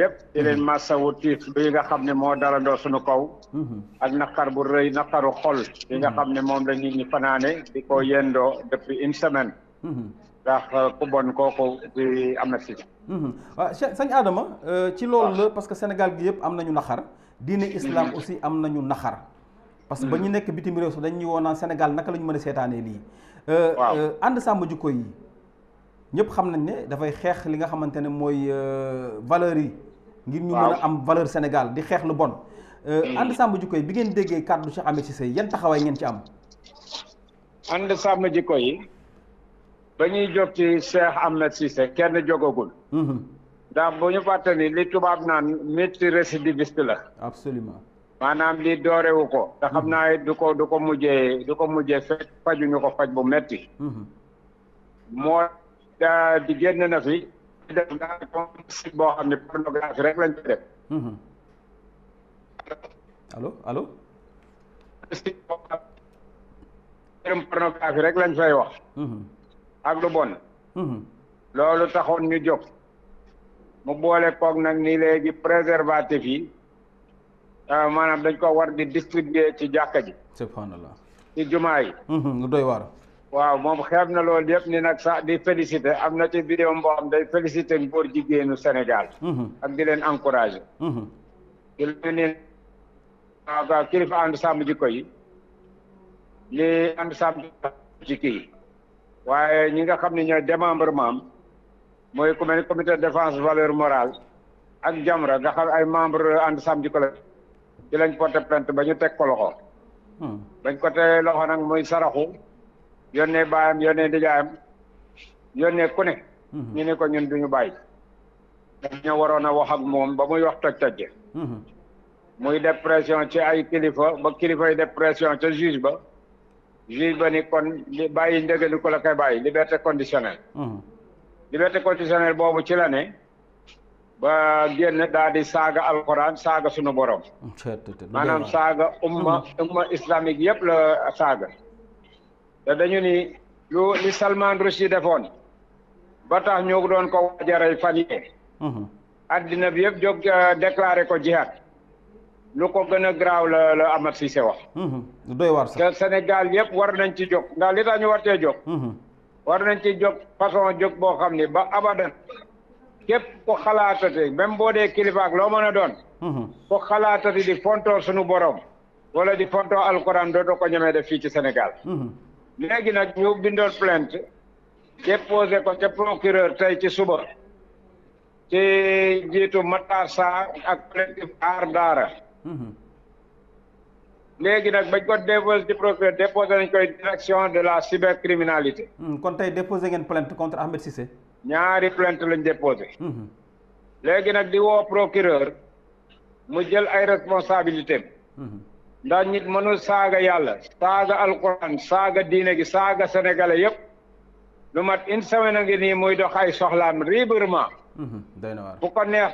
yëpp di leen mhm. masawu tiis bi nga xam ne moo dara doo suñu kaw mhm. ak naqar bu rëy naqaru xol bi nga mhm. xam ne moom la nit ñi fanaane di ko yendoo depuis une semaine ndax euh, ku bon kooku bi am na si waaw sëñ Adama euh, ci loolu la parce que Sénégal gi yëpp am nañu naqar diine islam aussi am nañu naqar parce que ba ñu nekk bitim réew sax dañuy woon naan Sénégal naka la ñu mën a seetaanee lii euh, waaw ànd sàmm jikko yi ñëpp xam nañ ne dafay xeex li nga xamante ne mooy euh, valeur yi. ngir ñu mën a am valeur Sénégal di xeex lu bon. ànd sàmm jikko yi bi ngeen déggee kàddu Cheikh Ahmed Cissé yan taxawaay ngeen ci am. ànd sàmm jikko yi. ba ñuy jóg ci Cheikh Ahmed Cissé kenn jógagul. Hmm. ndax bu ñu fàtte ni li tubaab naan multirécidiviste la. absolument. maanaam li doorewu ko. te xam hmm. naa du ko du ko mujjee du ko mujjee fekk fajuñu ko faj bu metti hmm. moo di génn na fi def boo xam ne pornographie lañ def allo allo site boo xam ne pornographie rek lañ mhm. fay wax mhm. ak lu bon mhm. loolu taxoon ñu jóg mu boole koog nag ni léegi préservatif yi euh, maanaam dañ ko war di distribuer ci jàkka ji subhanallah ci jumaa yi lu doy waar waaw moom xeeb na loolu yëpp ni nag sax di félicité am na ci vidéo boo day félicité góor jigéenu Sénégal mhm. ak di leen encouragé mhm. di leen kilifa ànd sàmm jikko yi li ànd sàmm jikko yi waaye ñi nga xam ne ñooy démembrement am mooy ku mel ni comité de défense valeur morale ak Jamra nga xam ay membre ànd sàmm jikko la ci lañ porté plainte ba ñu teg ko loxo mhm. bañ ko teg loxo nag muy saraxu yónnee baayam yónnee ndijaayam yónnee ku ne mhm. ñu ne ko ñun duñu bàyyi dañoo waroon a waxam moom ba muy wax toj tojje mhm. muy def pression ci ay kilifa ba kilifay yi def pression ca juge ba juge ba ni kon bàyyi ndege ni ko la koy bàyyi liberté conditionnelle mhm. liberté conditionnelle boobu ci la ne ba génn daal di saaga alquran saaga sunu borom maanaam saaga umma umma islamique yëpp la saaga te dañu ni lu li Salman Rushdie defoon ba tax ñu doon ko wajaray fan yee mhm. addina bi yëpp jóg euh, déclaré ko jihad lu ko gën graaw la la Amath Cissé wax mhm. doy war sax Sénégal yëpp war nañ ci jóg ndax li tax ñu war cee jóg mhm. war nañ ci jóg façon jóg boo xam ne ba abadan képp ko xalaatate même boo dee kilifaak loo mën a doon ko xalaatate di fontoo sunu borom wala di fontoo alquran doo doo ko ñemee def fii ci Sénégal léegi nag ñu bindoon plainte déposé ko ca procureur tey ci suba ci jiitu Matar Sarr ak collectif Aar Daara léegi nag bañ ko déposé ci procureur déposé nañ koy direction de la cybercriminalité hmm, kon tey déposé ngeen plainte contre Ahmed Cissé ñaari plainte lañ déposé hmm. léegi nag di woo procureur mu jël ay responsabilités hmm. ndax nit mënul saaga yàlla saaga alquran saaga diine gi saaga sénégalais yëpp lu mat une semaine a ngi nii muy dox ay soxlaam librement mhm, bu ko neex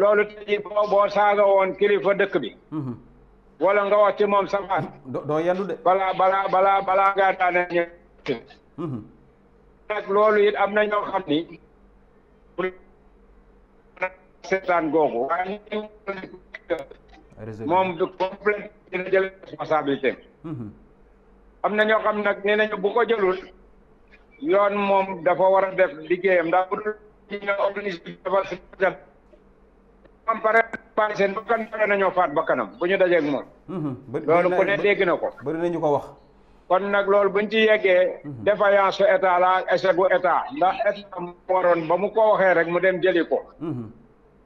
loolu tey boo boo saaga woon kilifa dëkk bi mhm. wala nga wax ci moom safaan doo yendu de balaa balaa balaa balaa ngaa daane ñë mhm. nag loolu googu moom du complet dina jël responsabilité mhm. am na ñoo xam nag nee na bu ko jëlul yoon moom dafa war a def liggéeyam ndax bu dul ñu organise dafa am pare pare seen bakkan pare nañoo faat ñu dajeeg moom mhm. loolu ku ne dégg na ko bëri nañu ko wax kon nag loolu buñ ci yeggee mhm. défaillance su état la ak échec état ndax état mu waroon ba mu ko waxee rek mu dem jëli ko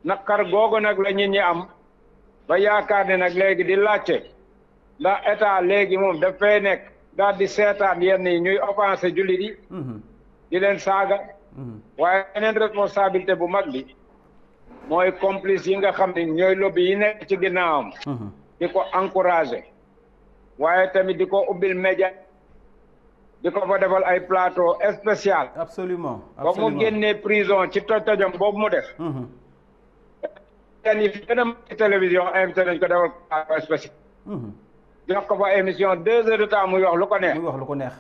naqar googu nag la nit am ba yaakaar ne nag léegi di laajte ndax état léegi moom daf fay nekk daal di seetaan yenn yi ñuy offensé jullit yi mhm. di leen saaga mhm. waaye yeneen responsabilité bu mag bi mooy complice yi nga xam ne ñooy lobby yi ne ci ginnaawam mhm. di ko encouragé waaye tamit di ko ubbil média di ko fa defal ay plateau spécial absolument ba mu génnee prison ci toj tojom boobu mu def chaîne yi fi a mag télévision invité nañ mhm. fa émission deux heures de temps muy wax lu ko neex muy wax lu ko neex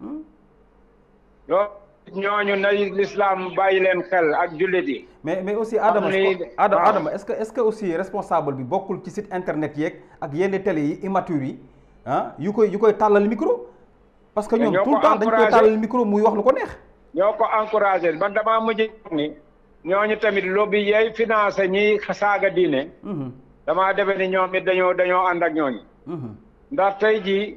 hmm? loolu ñooñu na l'islam bàyyi leen xel ak jullit yi mais mais aussi Adama Adama est-ce que est-ce que aussi responsable bi bokkul ci site internet yeeg ak yenn télé yi immature yi ah, yu koy yu koy tàllal micro parce que ñoom tout le temps dañ koy tàllal micro muy wax lu ko neex ñoo ko encouragé man damaa mujj ni ñooñu tamit lobby yay financé ñiy saaga diine mhm. damaa defe ni ñoom it dañoo dañoo ànd ak ñooñu mhm. ndax tey jii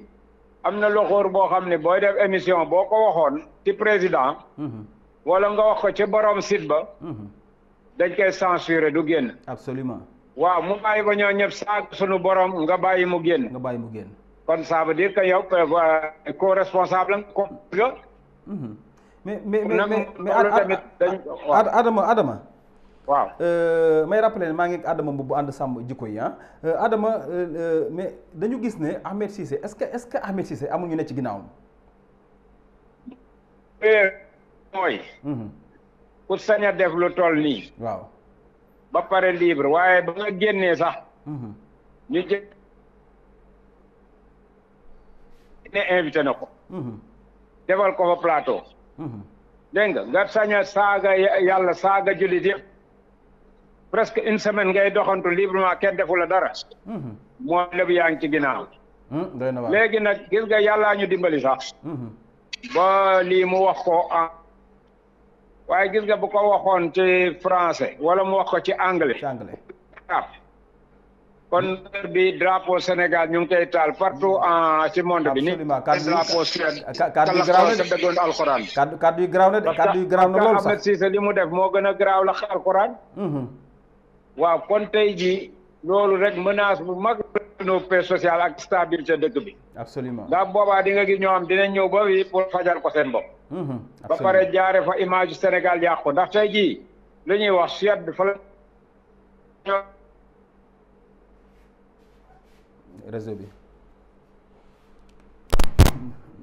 am na loxoor boo xam ne booy def émission boo ko waxoon ci président mhm. wala nga wax ko ci borom site ba dañ koy censuré du génn absolument waaw mu bàyyi ba ñoo ñëpp saaga sunu borom nga bàyyi mu génn nga bàyyi mu génn kon ça veut dire que yow euh, co responsable nga mais mais mais Adama Adama. waaw euh, may rappelé maa ngi Adama bu ànd sàmm jiko yi ah euh, Adama euh, mais dañu gis ne Ahmed Cissé est-ce que est-ce que Ahmed Cissé ne ci ginnaawam. mooy. Mhm. pour sañ a def lu toll nii. waaw. ba pare libre waaye ba nga génnee sax. Mhm. na ko. Mhm. defal ko fa plateau. dégg nga nga sañ a saaga yàlla saaga jullit yëpp presque une semaine ngay doxantu librement kenn defu la dara moo lépp yaa ngi ci ginnaaw hmm, léegi nag gis nga yàllaa ñu dimbali sax hmm. ba lii mu wax ko en waaye gis ga bu ko waxoon ci français wala mu wax ko ci anglais ah. kon heure bi drapeau Sénégal ñu ngi koy taal partout en ci monde bi. absolument kaddu kaddu yu garaaw na na de kaddu yu na lool sax Ahmed Cissé li mu def moo gën a garaaw la alxuraan. Mm-hmm. waaw kon tey jii loolu rek menace bu mag no paix sociale ak stabilité dëkk bi. absolument boobaa di nga gis ñoo am dinañ ñëw ba wi pour fajal ko seen bopp. Mm-hmm. ba pare jaare fa image Sénégal yàqu ndax tey jii lu wax Suède fa la. réseau bi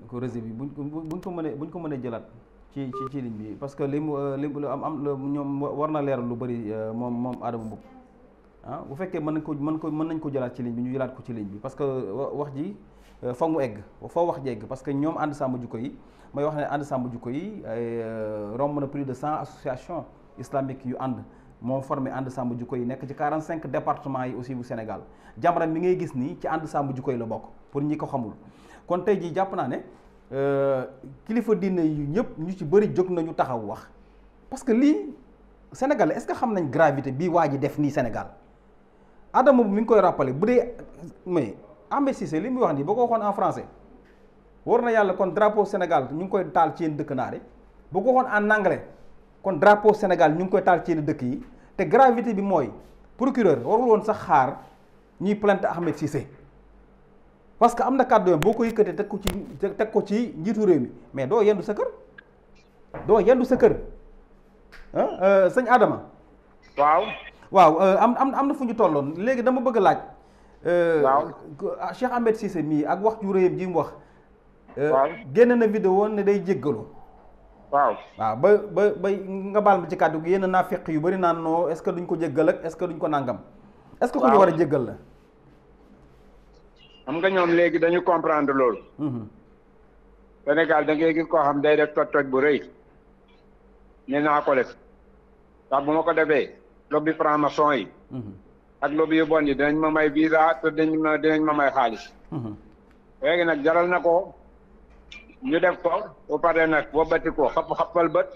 ko réseau bi buñ buñ ko mënee buñ ko mënee jëlaat ci ci ci bi parce que li mu li mu am am ñoom war na leeral lu bëri euh, moom moom Adama Mboup ah bu fekkee mën nañ ko mën ko mën nañ ko jëlaat ci ligne bi ñu jëlaat ko ci liñ bi parce que wax ji euh, fa mu egg foo wax ji egg parce que ñoom ànd sàmm jikko yi may wax ne ànd sàmm jikko yi euh, romb na plus de cent association islamiques yu ànd moo formé ànd sàmm jikko yi nekk ci 45 départements yi aussi bu Sénégal Jamra mi ngay gis nii ci ànd sàmm jikko koy la bokk pour ñi ko xamul kon tey jii jàpp naa ne euh, kilifa dina yi ñëpp ñu ci bëri jóg nañu taxaw wax parce que lii Sénégal est-ce que xam nañ gravité bii waa ji def nii Sénégal Adama bu mu ngi koy rappelé bu dee mais Ahmed Cissé li muy wax nii boo ko waxoon en français war na yàlla kon drapeau Sénégal ñu ngi koy taal ci yéen dëkk naare boo ko waxoon en anglais. kon drapo Sénégal ñu ngi koy taal ci dëkk yi te gravité bi mooy procureur warul woon sax xaar ñuy plainte Ahmed Cissé parce que am na kàddu yoon boo ko yëkkatee teg ko ci teg ko ci njiitu réew mi mais doo yendu sa kër doo yendu sa kër ah euh, sëñ Adama. waaw. waaw euh, am am am na fu ñu tolloon léegi dama bëgg a laaj. Euh, waaw ah, Cheikh Ahmed Cissé mii ak wax ju réyam ji mu wax. waaw génn na vidéo ne day jéggalu. waaw waaw ba ba ba nga baal ma ci kàddu gi yéen naa feq yu bëri naan noo est-ce que duñ ko jéggal ak est-ce que duñ ko nàngam est-ce que ku ñu war a jéggal la xam nga ñoom léegi dañu comprendre loolu mhm. Sénégal da ngay gis koo xam day def toj toj bu rëy ne naa ko def ndax bu ma ko defee lobby franc-maçon yi mhm. ak lobby yu bon yi danañ ma may visa te dinañ ma dinañ ma may xaalis mhm. léegi nag jaral na ko ñu def ko ba pare nag wobati ko xap xapal bët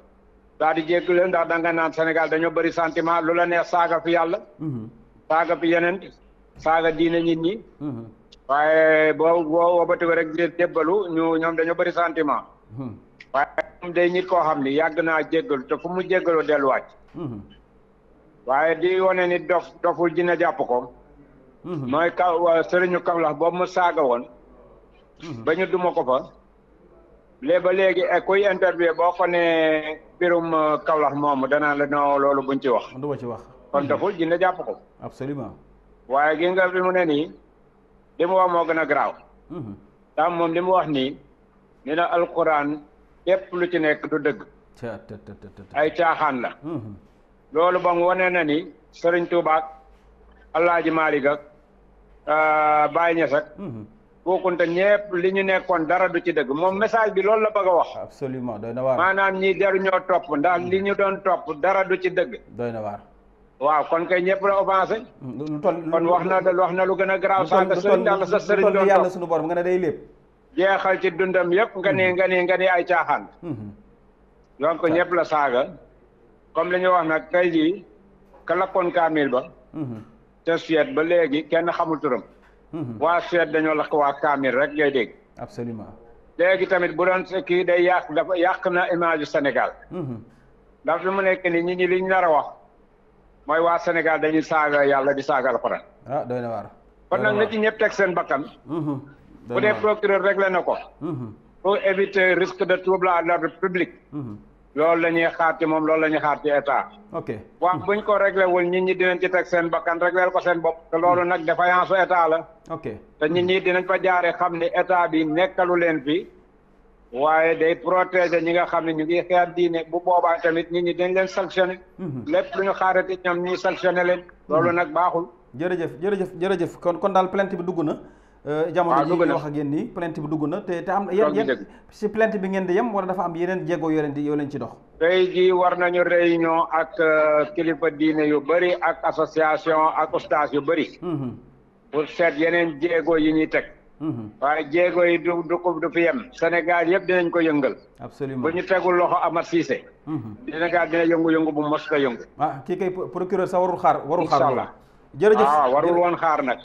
daa di jégg leen ndax danga naan Sénégal dañoo bari sentiment lu la neex saaga fi yàlla mhm. saaga fi yeneen saaga diine nit ñi mhm. waaye boo boo wobati ko rek débbalu ñoom dañoo bari sentiment mhm. waaye moom day nit koo xam ni yàgg naa jéggalu te fu mu jéggaloo delluwaat waaye di wone ni dof doful dina jàpp ko mooy kaw sëriñu Kaolack boobu mu saaga woon ba ñu duma ko fa léegi ba léegi eh, kuy interview boo ko nee mbirum euh, Kaolack moomu danaa la noo loolu buñ ci wax. du ma wax. kon daful dina jàpp ko. waaye gi nga fi mu ne nii li mu wax moo gën a garaaw. Mhm. daam moom li mu wax nii nee na alquran képp lu ci nekk du dëgg. ay caaxaan la. Mhm. loolu ba mu wane na ni Serigne Touba ak El Hadj Malick ak euh, Koukounta ñëpp li ñu nekkoon dara du ci dëgg moom message bi loolu la bëgg a wax. absolument doy na waar maanaam ñi deru ñoo topp ndax li ñu doon topp dara du ci dëgg. doy na waar. waaw kon kay ñëpp la offensé. lu toll kon wax na wax na lu gën a garaaw. sànq sëriñ daal sa sëriñ doon yàlla suñu ne day lépp. jeexal ci dundam yëpp nga ne nga nga ne ay caaxaan. Mm-hmm. donc ñëpp la saaga. comme lañu ñu wax nag tey jii ka lakkoon kaamil ba. Mm-hmm. te suet ba léegi kenn xamul turam. Mm-hmm. waa Suède dañoo lakk waa Kaamil rek ngay dégg. absolument léegi tamit bu doon kii day yàq dafa yàq na image yu Sénégal. Mm-hmm. ndax fi mu nekk ni ñi ñi liñ nar a mooy waa Sénégal dañuy saaga yàlla di saaga la ah doy na waar. kon nag na ci teg seen bakkan. Mm-hmm. bu dee procureur réglé na ko. pour éviter risque de trouble à l'ordre public. loolu la ñuy xaar ci moom loolu la ñuy xaar ci état. ok wax buñ ko réglé wul nit ñi dinañ ci teg seen bakkan réglé ko seen bopp. te loolu nag défaillance su état la. ok te nit ñi dinañ fa jaaree xam ni état bi nekkalu leen fi. waaye day protéger ñi nga xam ne ñu ngi xeex diine bu boobaa tamit nit ñi dañ leen sanctionné. Mhm. lépp lu ñu xaarati ñoom ñuy sanctionné leen. loolu mhm. nag baaxul. jërëjëf jërëjëf jërëjëf kon kon daal plainte bi dugg na. Euh, jamono ah, ji ñu wax ak yéen nii plainte bi dugg na te te am yéen si plainte bi ngeen di yem wala dafa am yeneen jéego yoo leen di yoo leen ci dox tey jii war nañu réunion ak euh, kilifa diine yu bëri ak association ak ustaas yu bëri mhm. pour seet yeneen jéego yi ñuy teg mhm. waaye jéego yi du du du fi yem Sénégal yëpp dinañ ko yëngal absolument bu ñu tegul loxo Amath Cissé mhm. Sénégal dina yëngu-yëngu bu mos ko yëngu ah kii kay procureur sax warul xaar warul xaar jërëjëf ah, warul woon xaar nag